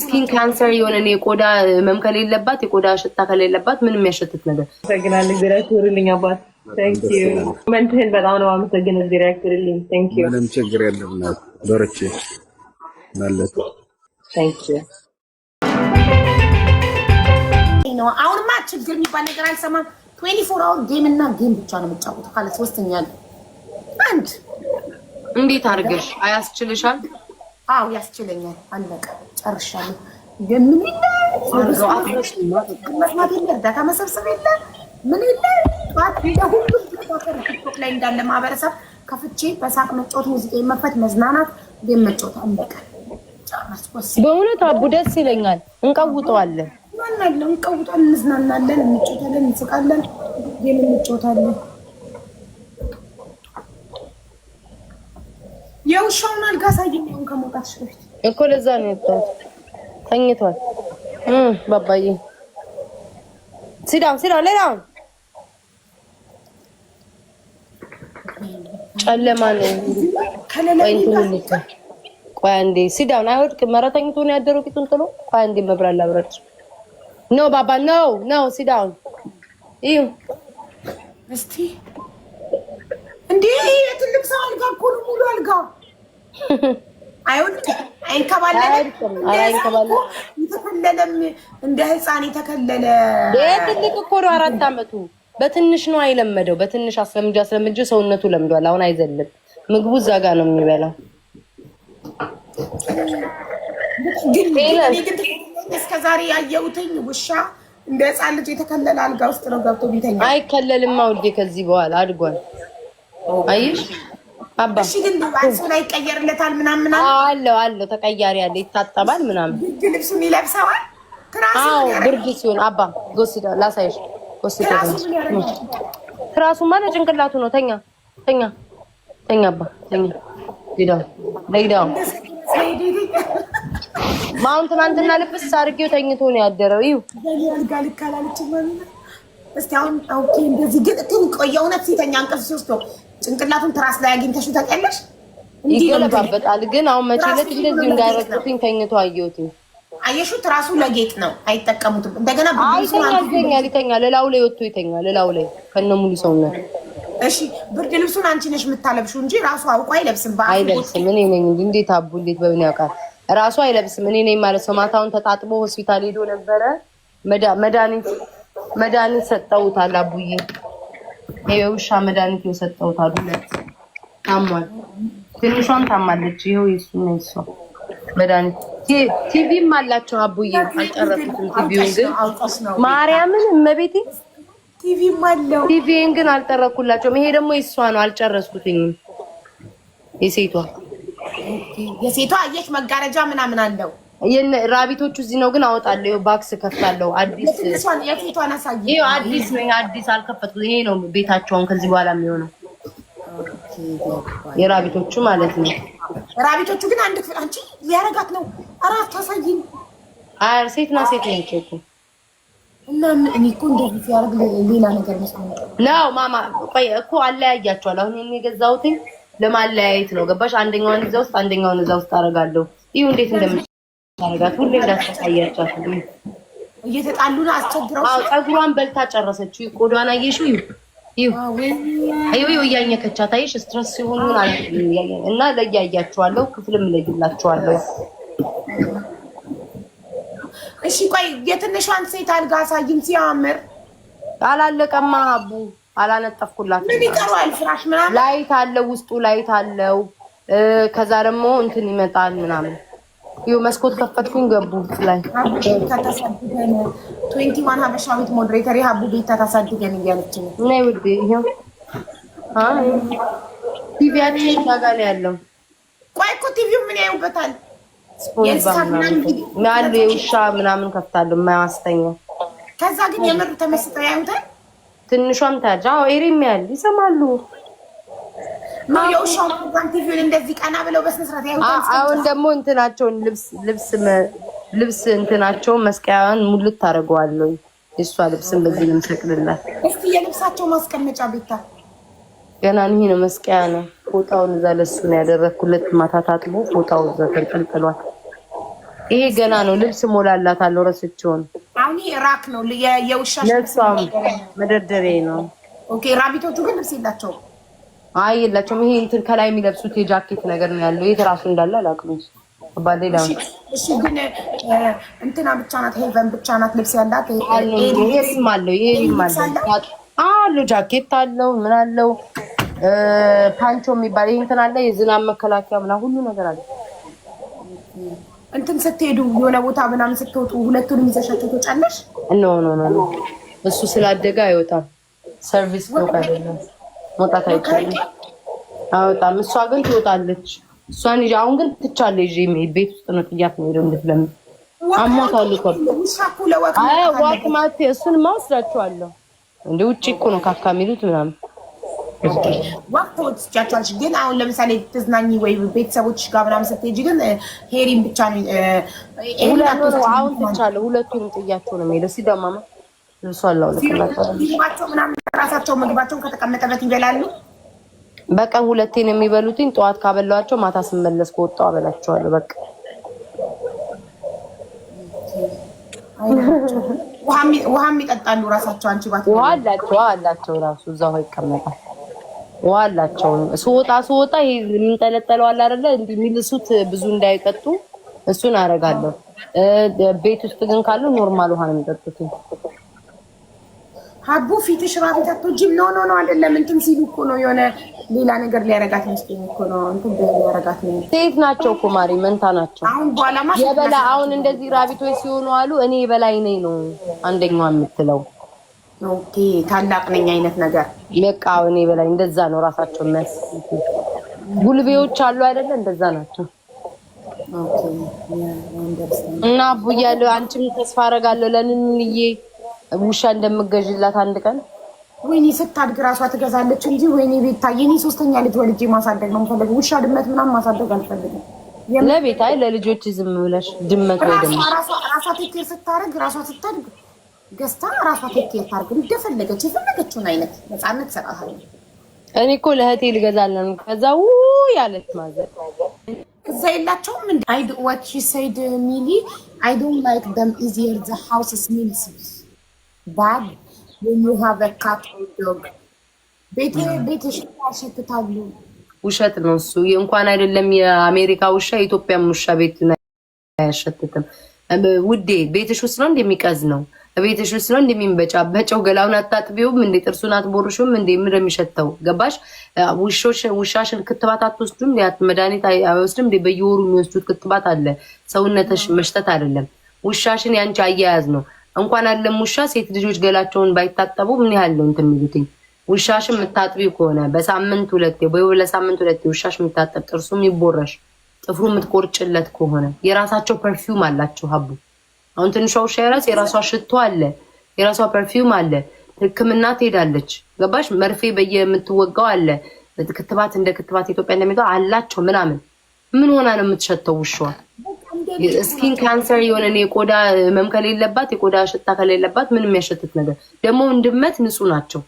ስኪን ካንሰር የሆነ የቆዳ ህመም ከሌለባት የቆዳ ሽታ ከሌለባት ምንም የሚያሸትት ነገር። አመሰግናለሁ። እግዚአብሔር ያክብርልኝ አባት መንትህን በጣም ነው አመሰግን። እግዚአብሔር ያክብርልኝ። ምንም ችግር የለም። በርቺ ማለት ነው። አሁንማ ችግር የሚባል ነገር አልሰማም። ትዌንቲ ፎር አወር ጌም እና ጌም ብቻ ነው የምጫወተው ካለ ሶስተኛ አንድ እንዴት አድርገሽ አያስችልሻል? አዎ ያስችለኛል። አለቀ፣ ጨርሻለሁ። ምን የለ እርዳታ መሰብሰብ የለ ምን የለ ጠዋት ሁሉም ቲክቶክ ላይ እንዳለ ማህበረሰብ ከፍቼ በሳቅ መጫወት፣ ሙዚቃ መክፈት፣ መዝናናት፣ ግን መጫወት። አለቀ። በእውነት አቡ ደስ ይለኛል። እንቀውጠዋለን፣ እንቀውጠዋለን፣ እንዝናናለን፣ እንጫወታለን፣ እንስቃለን፣ ጌም እንጫወታለን። የውሻውን አልጋ ሳይኝ ነው ከመውጣት ሽፍት እኮ ለዛ ነው ወጣው ተኝቷል። ባባዬ ሲዳም ሲዳም ሌላውን ጨለማ ነው። ቆይ አንዴ ሲዳውን አይወድቅም። ኧረ ተኝቶ ነው ያደረው ቂጡን ጥሎ። ቆይ አንዴ መብራት ላብረድ ነው ባባ ነው ነው ሲዳውን እዩ እስቲ እንዴ ይሄ ሰው አልጋ እኮ ነው ሙሉ አልጋ አይወድቅም፣ እንደ ህፃን የተከለለ ትልቅ እኮ ነው። አራት አመቱ በትንሽ ነው አይለመደው። በትንሽ አስለምጃ አስለምጆ ሰውነቱ ለምዷል። አሁን አይዘልም። ምግቡ እዛ ጋ ነው የሚበላው። እስከዛሬ ያየሁትኝ ውሻ እንደ ህፃን ልጅ የተከለለ አልጋ ውስጥ ነው ገብቶ ቢተኛ። አይከለልማ ውዴ፣ ከዚህ በኋላ አድጓል። አየሽ እሺ ግን ላይ ይቀየርለታል ምናምን አለው አለው ተቀያሪ አለ ይታጠባል ምናምን ልብሱን ይለብሰዋል። አዎ ብርድ ሲሆን አባ ጎስዳ ላሳይሽ ጎስዳ ትራሱማ ለጭንቅላቱ ነው። ተኛ ተኛ ተኛ አባ ተኛ ሊዳው ሊዳው ማሁን ትናንትና ልብስ አድርጌው ተኝቶ ነው ያደረው። ይሁ እስቲ አሁን እንደዚህ ግን ሲተኛ እንቅልፍ ሶስት ነው ጭንቅላቱን ትራስ ላይ አግኝተሽ ታውቂያለሽ? ይገለባበጣል። ግን አሁን መቼ ዕለት እንደዚሁ እንዳይረግጡትኝ ተኝቶ አየሁት። አየሹ ትራሱ ለጌጥ ነው፣ አይጠቀሙትም። እንደገና ይተኛል፣ ይተኛል፣ ይተኛል። እላው ላይ ወጥቶ ይተኛል፣ እላው ላይ ከነ ሙሉ ሰውነት። እሺ ብርድ ልብሱን አንቺ ነሽ የምታለብሽው እንጂ ራሱ አውቆ አይለብስም። አይለብስም። እኔ ነኝ እንጂ እንዴት አቡ እንዴት በምን ያውቃል? ራሱ አይለብስም። እኔ ነኝ ማለት ሰው። ማታውን ተጣጥቦ ሆስፒታል ሄዶ ነበረ። መድኃኒት መድኃኒት ሰጠውታል አቡዬ የውሻ መድኃኒት የሰጠሁት አሉ። ታሟል። ትንሿም ታማለች። ይኸው የሱ ነው የሷ መድኃኒት። ቲቪም አላቸው አቡዬ፣ አልጨረሱትም። ቲቪውን ግን ማርያምን እመቤቴ ቲቪን ግን አልጠረኩላቸውም። ይሄ ደግሞ የሷ ነው፣ አልጨረስኩትኝም። የሴቷ የሴቷ አየሽ መጋረጃ ምናምን አለው ራቢቶቹ እዚህ ነው ግን አወጣለሁ። ባክስ ከፍታለሁ። አዲስ አዲስ ነው፣ አዲስ አልከፈትኩም። ይሄ ነው ቤታቸውን ከዚህ በኋላ የሚሆነው የራቢቶቹ ማለት ነው። ራቢቶቹ ግን አንድ ክፍል አንቺ ሊያረጋት ነው። ኧረ አታሳይም። አይ ሴትና ሴት ነች እኮ እና እኔ እኮ እንደዚህ ሲያደርግ ሌላ ነገር ነው ማማ። ቆይ እኮ አለያያቸዋለሁ። አሁን እኔ የገዛሁትኝ ለማለያየት ነው። ገባሽ? አንደኛውን እዛ ውስጥ አንደኛውን እዛ ውስጥ አደርጋለሁ። ይሁ እንዴት እንደምን ማረጋት ሁሌ እንዳስተሳያቻት እየተጣሉ ነው። አስቸግረው ፀጉሯን በልታ ጨረሰችው። ቆዳዋን አየሽው? ይኸው እያኘከቻት አየሽ? ስትረስ ሲሆኑ እና ክፍልም እሺ ቆይ የትንሿን ሴት አልጋ አሳይም። ሲያምር አላለቀማ አቡ አላነጠፍኩላት። ምን ፍራሽ ምናምን ላይት አለው ውስጡ ላይት አለው። ከዛ ደግሞ እንትን ይመጣል ምናምን ይኸው መስኮት ከፈትኩኝ ገቡ ላይ ትዌንቲ ሀበሻ ሞዴሬተር የሀቡ ቤታ እያለች ነው። ይኸው ነው ያለው። ቆይ እኮ ቲቪው ምን ያዩበታል? ስፖንባሉ የውሻ ምናምን ከፍታሉ የማያስተኛ ከዛ ግን የምር ተመስጠ ያዩታል። ትንሿም ታጃ ኤሪም ያሉ ይሰማሉ የውሻውን ቲቪውን እንደዚህ ቀና ብለው በስነ ያዩታል። አሁን ደግሞ እንትናቸውን ልብስ ልብስ ልብስ መስቀያን ሙልት ታደርገዋለሁ። የእሷ ልብስን በዚህ ነው የምሰቅልላት። እስኪ የልብሳቸው ማስቀመጫ ቤታ ገና ይሄ ነው መስቀያ ነው። ፎጣውን እዛ ለሱ ነው ያደረግኩለት። ማታ ታጥቦ ፎጣው እዛ ተንጠልጥሏል። ይሄ ገና ነው። ልብስ ሞላላታለሁ። ረስቼው ነው አሁን ራክ ነው የውሻ መደርደሪያ ነው። ኦኬ ራቢቶቹ ግን ልብስ የላቸውም። አይ የላቸውም። ይሄ እንትን ከላይ የሚለብሱት የጃኬት ነገር ነው ያለው። የት እራሱ እንዳለ አላውቅም። ባሌላ እሺ፣ ግን እንትና ብቻ ናት፣ ሄቨን ብቻ ናት ልብስ ያላት። ይሄም አለው ይሄም አለው አሉ ጃኬት አለው ምን አለው ፓንቾ የሚባል ይሄ እንትን አለ፣ የዝናብ መከላከያ ምናምን ሁሉ ነገር አለ። እንትን ስትሄዱ የሆነ ቦታ ምናምን ስትወጡ ሁለቱንም ይዘሻቸው ትወጫለሽ? ኖ ኖ ኖ፣ እሱ ስላደገ አይወጣም። ሰርቪስ ነው ካደለ መውጣት አይቻልም። አወጣም። እሷ ግን ትወጣለች። እሷን ይዤ አሁን ግን ትቻለሁ። ይዤ ቤት ውስጥ ነው ጥያት ነው ሄደው እንድትለምድ አሟታል እኮ አይ ዋክ እሱን ማውስራቸዋለሁ እንደ ውጭ እኮ ነው ካካ የሚሉት ምናምን ወቅት ወጥቻቸዋለች። ግን አሁን ለምሳሌ ትዝናኝ ወይ ቤተሰቦች ጋር ምናምን ስትሄጂ ግን ሄሪን ብቻ ነው አሁን ትቻለሁ። ሁለቱንም ጥያቸው ነው የሚሄደው ሲደማማ እሱ አለው ምግባቸው ምናምን ራሳቸው ምግባቸውን ከተቀመጠበት ይበላሉ። በቀን ሁለቴን የሚበሉትኝ ጠዋት ካበላቸው ማታ ስመለስ ከወጣው አበላቸዋለሁ። በቃ ውሃም ይጠጣሉ ራሳቸው። አንቺ ባት ውሃ አላቸው አላቸው ራሱ እዛው ይቀመጣል። ውሃ አላቸው። ስወጣ ስወጣ ይሄ የሚንጠለጠለው አለ አይደለ የሚልሱት ብዙ እንዳይጠጡ እሱን አደርጋለሁ። ቤት ውስጥ ግን ኖርማል ውሃ ነው የሚጠጡት። ሀቡ ፊትሽ ራፊት አትወጂም። ኖ ኖ ኖ አይደለም እንትን ሲሉ እኮ ነው የሆነ ሌላ ነገር ሊያረጋት መስሎኝ እኮ ነው እንትን ሊያረጋት ነው። ሴት ናቸው እኮ ማሪ መንታ ናቸው። አሁን በኋላ በኋላማ የበላ አሁን እንደዚህ ራቢቶች ሲሆኑ አሉ እኔ የበላይ ነኝ ነው አንደኛዋ የምትለው። ኦኬ ታላቅ ነኝ አይነት ነገር በቃ እኔ በላይ እንደዛ ነው ራሳቸው የሚያስቡት። ጉልቤዎች አሉ አይደለ? እንደዛ ናቸው። እና አቡ እያለሁ አንቺም ተስፋ አደርጋለሁ ለንንዬ ውሻ እንደምገዥላት አንድ ቀን ወይኔ ስታድግ ራሷ ትገዛለች እንጂ ወይኔ ቤታ የኔ ሶስተኛ ልጅ ወልጄ ማሳደግ ነው የምፈልገው። ውሻ ድመት ምናምን ማሳደግ አልፈልግም። ለቤታ ለልጆች ዝም ብለሽ ድመት ወይ ደግሞ ራሷ ቴኬር ስታደርግ ራሷ ስታድግ ገዝታ ራሷ ቴኬር ታርግ፣ እንደፈለገች የፈለገችውን አይነት ነፃነት ሰጣታለች። እኔ እኮ ለእህቴ ልገዛለን ከዛ ው ያለች ማዘር እዛ የላቸውም። አይድ ዋት ሺ ሰይድ ሚሊ አይ ዶንት ላይክ ደም ኢዚየር ዘ ሃውስ ስሚልስ ዳድ ያሸትታሉ። ውሸት ነው እሱ። እንኳን አይደለም የአሜሪካ ውሻ የኢትዮጵያም ውሻ ቤት አያሸትትም። ውዴ ቤትሽ ውስጥ ነው እንደሚቀዝ ነው። ቤትሽ ውስጥ ነው እንደሚንበጫበጨው። ገላውን አታጥቢውም እንዴ? ጥርሱን አትቦርሽም እንዴ? ምን የሚሸተው ገባሽ? ውሻሽን ክትባት አትወስዱም? መድኃኒት አይወስድም እንዴ? በየወሩ የሚወስዱት ክትባት አለ። ሰውነተሽ መሽተት አይደለም። ውሻሽን ያንቺ አያያዝ ነው። እንኳን አለም ውሻ ሴት ልጆች ገላቸውን ባይታጠቡ ምን ያህል ነው እንትን የሚሉትኝ። ውሻሽ የምታጥቢው ከሆነ በሳምንት ሁለቴ ወይ ለሳምንት ሁለቴ ውሻሽ የምታጠብ ጥርሱ የሚቦረሽ ጥፍሩ የምትቆርጭለት ከሆነ የራሳቸው ፐርፊውም አላቸው። ሀቡ አሁን ትንሿ ውሻ የራስ የራሷ ሽቶ አለ፣ የራሷ ፐርፊውም አለ። ሕክምና ትሄዳለች። ገባሽ? መርፌ በየምትወጋው አለ። ክትባት እንደ ክትባት ኢትዮጵያ እንደሚገ አላቸው ምናምን። ምን ሆና ነው የምትሸተው ውሻዋ? ስኪን ካንሰር የሆነ የቆዳ ህመም ከሌለባት የቆዳ ሽታ ከሌለባት ምንም የሚያሸትት ነገር ደግሞ ድመት ንጹህ ናቸው።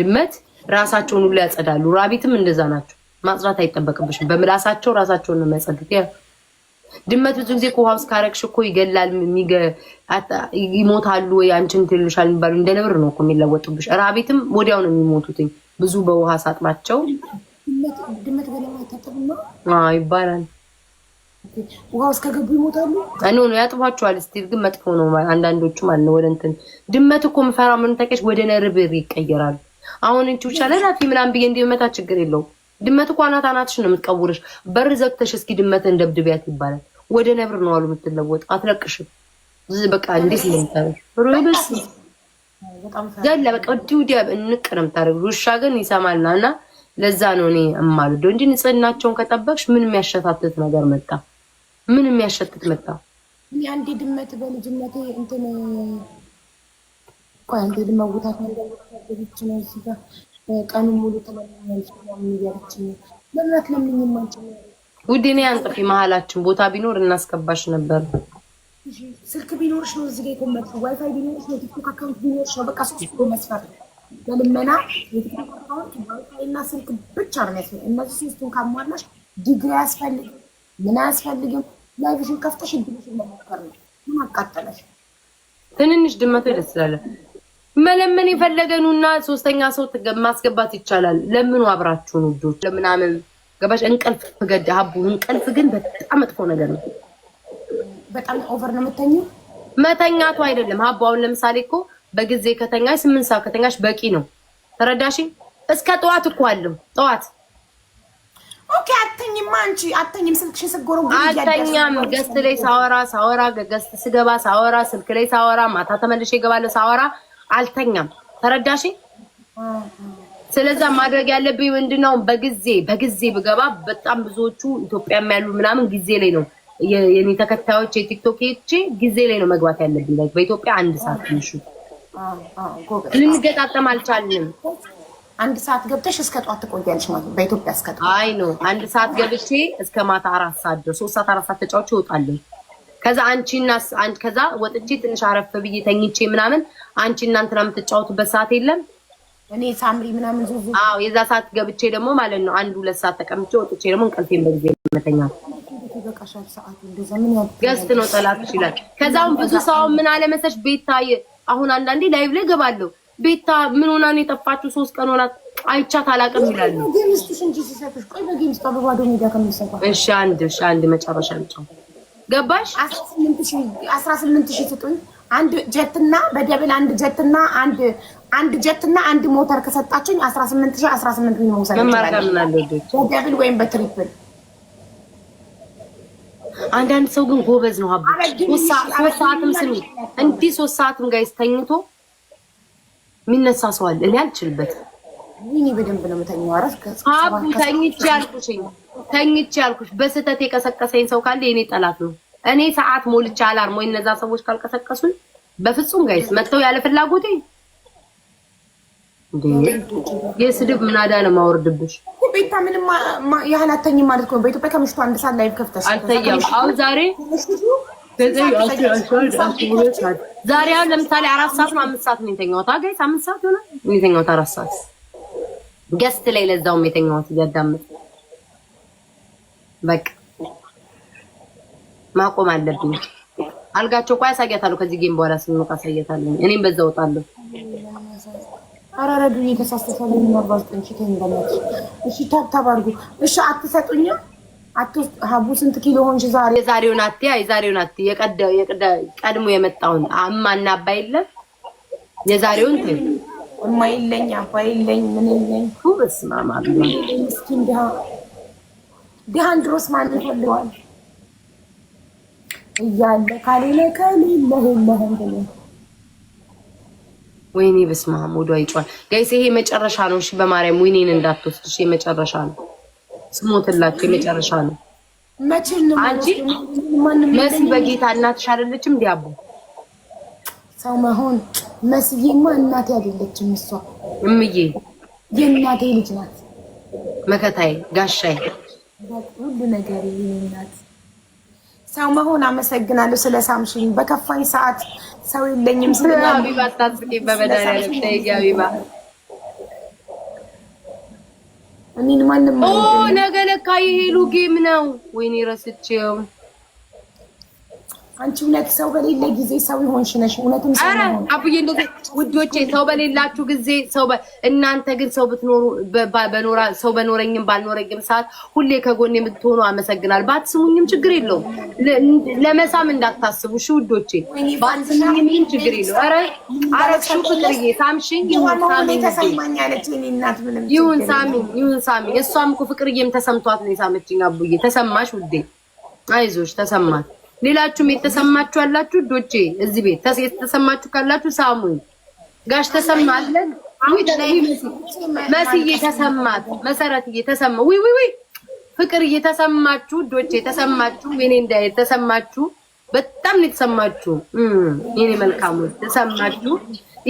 ድመት ራሳቸውን ሁሉ ያጸዳሉ። ራቢትም እንደዛ ናቸው። ማጽዳት አይጠበቅብሽም። በምላሳቸው ራሳቸውን ነው የሚያጸዱት። ድመት ብዙ ጊዜ ከውሃ ውስጥ ካረግሽ እኮ ይገላል፣ ይሞታሉ ወይ አንቺን ትልሻል የሚባሉ እንደ ነብር ነው እኮ የሚለወጡብሽ። ራቢትም ወዲያው ነው የሚሞቱትኝ ብዙ በውሃ ሳጥናቸው ይባላል። ውሃ እስከገቡ ይሞታሉ። ኖ ነው ያጥፏቸዋል። ስቲል ግን መጥፎ ነው። አንዳንዶቹ ማለት ነው ወደ እንትን ድመት እኮ ምፈራ ምን ታውቂያለሽ? ወደ ነርብር ይቀየራል። አሁን እንቺ ብቻ ለላፊ ምናምን ብዬ እንዲመታ ችግር የለውም። ድመት እኮ አናት አናትሽ ነው የምትቀውርሽ። በር ዘግተሽ እስኪ ድመት እንደብድቢያት ይባላል። ወደ ነብር ነው አሉ የምትለወጥ። አትለቅሽም። በቃ እንዴት ነው የምታረግ? ሮይበስ ዘለ በቃ ዲውዲያ እንቅ ነው የምታደርግ። ውሻ ግን ይሰማልና እና ለዛ ነው እኔ እማልወደው እንጂ ንጽህናቸውን ከጠበቅሽ ምን የሚያሸታትት ነገር መጣ ምን የሚያሸትት መጣው? የአንድ ድመት በልጅነት እንትን ቆይ አንዴ ድመውታት መንገዶች ነው እዚህ ጋር ቀኑ ሙሉ ተመልኛለች ምናምን ለምኝ ነው ውዴ፣ ለምኝም አንቺ እኔ አንጥፊ መሀላችን ቦታ ቢኖር እናስገባሽ ነበር። ስልክ ቢኖርሽ ነው እዚህ ጋር የቆመጥ ዋይፋይ ቢኖርሽ ነው ቲክቶክ አካውንት ቢኖርሽ ነው በቃ ሶስት ብሎ መስፈር ለልመና የቲክቶክ አካውንት ዋይፋይ እና ስልክ ብቻ ነው የሚያስፈልግ። እነዚህ ሶስቱን ካሟላሽ ዲግሪ አያስፈልግም፣ ምን አያስፈልግም ላይቭሽን ከፍተሽ እድልሽን መሞከር ነው። ምን አቃጠለሽ? ትንንሽ ድመቶ ይደስላለ መለመን የፈለገኑና ሶስተኛ ሰው ማስገባት ይቻላል። ለምኑ አብራችሁን ውዶች ለምናምን ገባሽ። እንቅልፍ ገድ ሀቡ እንቅልፍ ግን በጣም መጥፎ ነገር ነው። በጣም ኦቨር ነው የምተኘው። መተኛቱ አይደለም ሀቡ። አሁን ለምሳሌ እኮ በጊዜ ከተኛሽ ስምንት ሰዓት ከተኛሽ በቂ ነው። ተረዳሽኝ? እስከ ጠዋት እኮ አለው ጠዋት ኦኬ አተኝም አንቺ አተኝም ስልክሽን ስጎሮ አልተኛም። ገስት ላይ ሳወራ ሳወራ ገስት ስገባ ሳወራ ስልክ ላይ ሳወራ ማታ ተመልሼ እገባለሁ ሳወራ አልተኛም። ተረዳሽ? ስለዛ ማድረግ ያለብኝ ምንድነው? በጊዜ በጊዜ ብገባ በጣም ብዙዎቹ ኢትዮጵያም ያሉ ምናምን ጊዜ ላይ ነው የኔ ተከታዮች የቲክቶኬቼ ጊዜ ላይ ነው መግባት ያለብኝ። በኢትዮጵያ አንድ ሰዓት ትንሹ ልንገጣጠም አልቻልንም። አንድ ሰዓት ገብተሽ እስከ ጠዋት ትቆያለሽ ማለት ነው። በኢትዮጵያ እስከ ጠዋት አይ ነው። አንድ ሰዓት ገብቼ እስከ ማታ አራት ሰዓት ድረስ ሶስት ሰዓት አራት ሰዓት ተጫውቼ እወጣለሁ። ከዛ አንቺና አንቺ ከዛ ወጥቼ ትንሽ አረፍ ብዬ ተኝቼ ምናምን አንቺ እናንትና የምትጫወቱበት ሰዓት የለም። እኔ ሳምሪ ምናምን ዙዙ አዎ፣ የዛ ሰዓት ገብቼ ደግሞ ማለት ነው አንድ ሁለት ሰዓት ተቀምጬ ወጥቼ ደግሞ እንቅልፌን በጊዜ መተኛ ገስት ነው ጠላት ይችላል። ከዛም ብዙ ሰው ምን አለ መሰለሽ ታይ አሁን አንዳንዴ ላይቭ ላይ ገባለሁ ቤታ ምን ሆና ነው የጠፋችሁ? ሶስት ቀን ሆናት አይቻት አላውቅም ይላሉ። እሺ አንድ እሺ አንድ መጨረሻ ገባሽ? አስራ ስምንት ሺህ ስጡኝ። አንድ ጀትና በደብል አንድ ጀትና አንድ አንድ ጀትና አንድ ሞተር ከሰጣችሁኝ 18 በደብል ወይም በትሪፕል አንዳንድ ሰው ግን ጎበዝ ነው። ሀብ ሶስት ሰዓትም ስሚ እንዲህ ሶስት ሰዓትም ጋይስ ተኝቶ የሚነሳ ሰው አለ። እኔ አልችልበትም። ይህ በደንብ ነው የምተኛው። አረፍ አቡ ተኝቼ ያልኩሽ ተኝቼ ያልኩሽ በስህተት የቀሰቀሰኝ ሰው ካለ የኔ ጠላት ነው። እኔ ሰዓት ሞልቼ አላርም ወይ እነዛ ሰዎች ካልቀሰቀሱኝ በፍጹም ጋይስ መጥተው ያለ ፍላጎቴ የስድብ ምናዳ ነው የማወርድብሽ። ቤታ ምንም ያህል አተኝም ማለት ነው። በኢትዮጵያ ከምሽቱ አንድ ሰዓት ላይቭ ከፍተሽ አልተኛም። አሁን ዛሬ ዛሬ አሁን ለምሳሌ አራት ሰዓት ነው አምስት ሰዓት ነው የተኛሁት። አገኝ አምስት ሰዓት ሆነ የተኛሁት አራት ሰዓት ገስት ላይ ለዛውም የተኛሁት እያዳመጥኩ በቃ ማቆም አለብኝ። አልጋቸው ቆይ አሳያታለሁ። ከዚህ ጌም በኋላ ስንወጣ አሳያታለሁ። እኔም በዛ ወጣለሁ። አራረዱ እየተሳስተሳለኝ ነው። ባልጠንሽ ተንደለች እሺ፣ ታታባርጉ እሺ፣ አትሰጡኝም ሀቡ ስንት ኪሎ ሆንሽ ዛሬ? የዛሬውን አት የዛሬውን አት ቀድሞ የመጣውን እማና አባ የለም የዛሬውን ት እማ የለኝ አባ የለኝ ምን የለኝ በስማማ ምስኪን ድሃ ድሃን ድሮስ ማን እያለ ካሌለ ከሌለ ወይኔ በስማም ጋይስ ይሄ መጨረሻ ነው። እሺ በማርያም ወይኔን ነው። ስሞትላቸው የመጨረሻ ነው። አንቺ መሲ በጌታ እናትሽ አይደለችም? እንዲያቡ ሰው መሆን መስዬማ እናቴ አይደለችም። እሷ እምዬ የእናቴ ልጅ ናት። መከታዬ፣ ጋሻዬ፣ ሁሉ ነገር ናት። ሰው መሆን አመሰግናለሁ ስለ ሳምሽኝ። በከፋኝ ሰዓት ሰው የለኝም ስለ ቢባ ታስቂ በመዳያ ቢባ እኔን ማንም ነገ ለካ የሄሉ ጌም ነው። ወይኔ ረስቼው አንቺ እውነት ሰው በሌለ ጊዜ ሰው ይሆንሽ ነሽ። እውነትም ሰው ነው አቡዬ። እንደዚህ ውዶቼ ሰው በሌላችሁ ጊዜ ሰው እናንተ ግን ሰው ብትኖሩ በኖራ ሰው በኖረኝም ባልኖረኝም ሰዓት ሁሌ ከጎን የምትሆኑ አመሰግናል። ባትስሙኝም ችግር የለው ለመሳም እንዳታስቡ እሺ ውዶቼ። ባትስሙኝም ይሄን ችግር የለው ኧረ ኧረ እሺ ፍቅርዬ ሳምሽኝ ይሁን ሳሚኝ ይሁን ሳሚኝ ይሁን ሳሚኝ። እሷም እኮ ፍቅርዬም ተሰምቷት ነው የሳመችኝ። አቡዬ ተሰማሽ ውዴ፣ አይዞሽ ተሰማት። ሌላችሁም የተሰማችሁ አላችሁ ዶቼ እዚህ ቤት የተሰማችሁ ካላችሁ ሳሙ። ጋሽ ተሰማ አለን መስዬ ተሰማት መሰረት እየተሰማ ዊ ዊ ዊ ፍቅር እየተሰማችሁ ዶቼ የተሰማችሁ የኔ እንዳ የተሰማችሁ በጣም ነው የተሰማችሁ። የኔ መልካሞች ተሰማችሁ።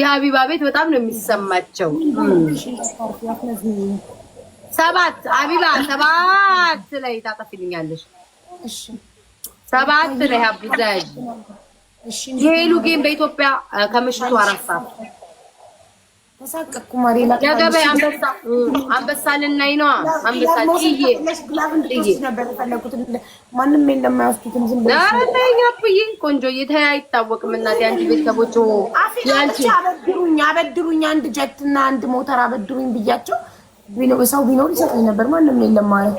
የሀቢባ ቤት በጣም ነው የሚሰማቸው። ሰባት አቢባ ሰባት ላይ ታጠፊልኛለሽ። ሰባት ነው ሀብዛ የሄሉ ግን በኢትዮጵያ ከምሽቱ አራት ሰዓት የገበያ አንበሳ አንበሳ ልናይ ነው አንበሳ ማንም የለም አያወስዱትም። ዝም ብለሽ አብዬ ቆንጆዬ፣ ተይ አይታወቅም። እናቴ አንቺ ቤተሰቦች አበድሩኝ አበድሩኝ አንድ አንድ ሞተር አበድሩኝ ብያቸው ሰው ቢኖር ይሰጠኝ ነበር። ማንም የለም ማለት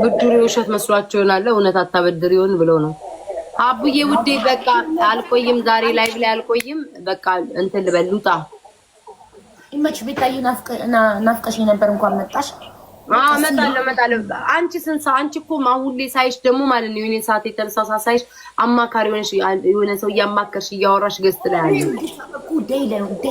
ብድሩ የውሸት መስሏቸው ይሆናል። እውነት አታበድር ይሆን ብለው ነው። አቡዬ ውዴ በቃ አልቆይም፣ ዛሬ ላይቭ ላይ አልቆይም። በቃ እንትን ልበል ልውጣ። ይመች ቤታዬ፣ ናፍቀሽ ነበር እንኳን መጣሽ። እመጣለሁ እመጣለሁ። አንቺ ስንት ሰዓት አንቺ እኮ ሁሌ ሳይሽ ደግሞ ማለት ነው የሆነ ሰዓት የተነሳሳ ሳይሽ አማካሪ የሆነ ሰው እያማከርሽ እያወራሽ ገዝት ላይ አለ